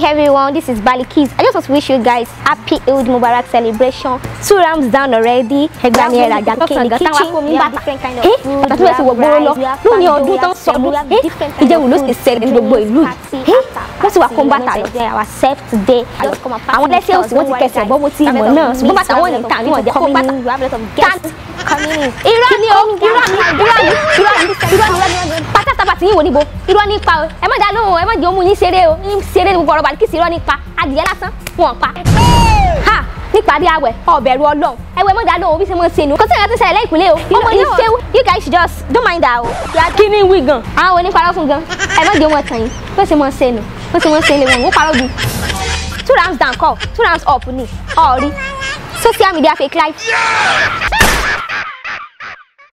hi everyone this is bali kids i just want to wish you guys happy eid mubarak celebration two rams down already ẹgbẹ́ mi ẹ̀rọ àjà kéèlì kitchen nígbà ẹ pàtàkì wẹ̀ sí wọ̀ gbóró lọ lónìí ọdún tán sọdún ẹ ìjẹun ló ti ṣẹlẹ̀ ní gbogbo ìlú ẹ wọ́n ti wà kó ń bàtà lọ àwọn lẹ́sẹ̀ òsì wọ́n ti kẹsẹ̀ bọ́ mo ti mọ̀ náà ṣùgbọ́n bàtà wọn ní ta ní ọ̀jẹ̀ kó bàtà irọ́ ni o irọ́ ni irọ́ ni àti yín wò níbo irọ́ nípa o ẹ má dá lóhùn ẹ má jẹ́ òmù yín ṣeré o ń ṣeré ní gbogbo ọ̀rọ̀ bàdìkìsì irọ́ nípa adìyẹ lásán wọn pa. ha níparí àwẹ̀ ọ̀bẹ̀rù ọlọ́run ẹ̀wẹ̀ mọ̀dá lóhùn bí ṣe mọ̀ ṣe nù kò sí ẹ̀ka tó ṣẹlẹ̀ lẹ́yìn ìpínlẹ̀ o ọmọ yìí ṣe you guys just don't mind that o. kí ni wí gan. àwọn oníparọ́ fún gan ẹ má jẹ́ wọn tàn yín bó ṣe mọ̀ ṣe nù bó ṣe mọ̀ ṣe two rounds down call two rounds up ni ọ̀rí social media fake life.